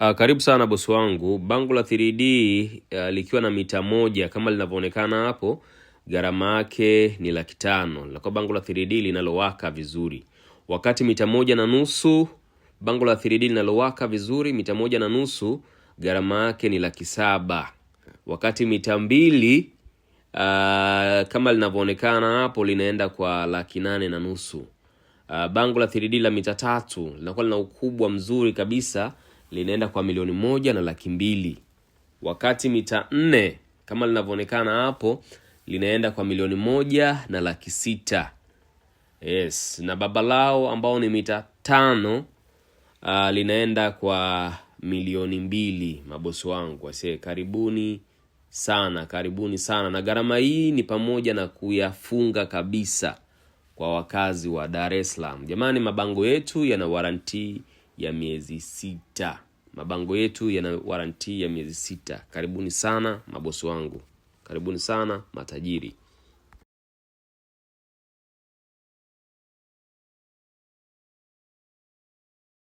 Uh, karibu sana bosi wangu. Bango la 3D uh, ah, likiwa na mita moja kama linavyoonekana hapo, gharama yake ni laki tano. Linakuwa bango la 3D linalowaka vizuri, wakati mita moja na nusu bango la 3D linalowaka vizuri mita moja na nusu gharama yake ni laki saba, wakati mita mbili uh, kama linavyoonekana hapo linaenda kwa laki nane na nusu. Uh, bango la 3D la mita tatu linakuwa lina ukubwa mzuri kabisa linaenda kwa milioni moja na laki mbili wakati mita nne kama linavyoonekana hapo linaenda kwa milioni moja na laki sita yes. Na baba lao ambao ni mita tano uh, linaenda kwa milioni mbili. Mabosi wangu asee, karibuni sana, karibuni sana. Na gharama hii ni pamoja na kuyafunga kabisa kwa wakazi wa Dar es Salaam. Jamani, mabango yetu yana warantii ya miezi sita. Mabango yetu yana waranti ya miezi sita. Karibuni sana mabosi wangu, karibuni sana matajiri.